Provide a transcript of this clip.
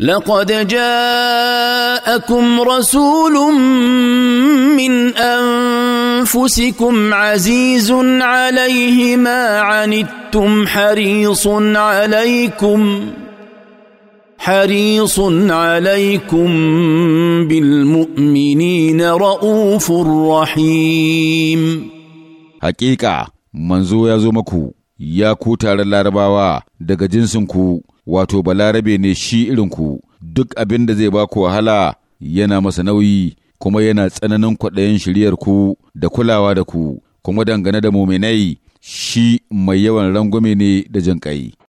لقد جاءكم رسول من انفسكم عزيز عليه ما عنتم حريص عليكم حريص عليكم بالمؤمنين رؤوف رحيم حقيقه منزو يا زمكو يا كوتار اللارباوا daga jinsinku wato balarabe ne shi irinku duk abin da zai ba ku wahala yana masa nauyi kuma yana tsananin kwaɗayin shiryar ku da kulawa da ku kuma dangane da muminai shi mai yawan rangwame ne da jinƙai.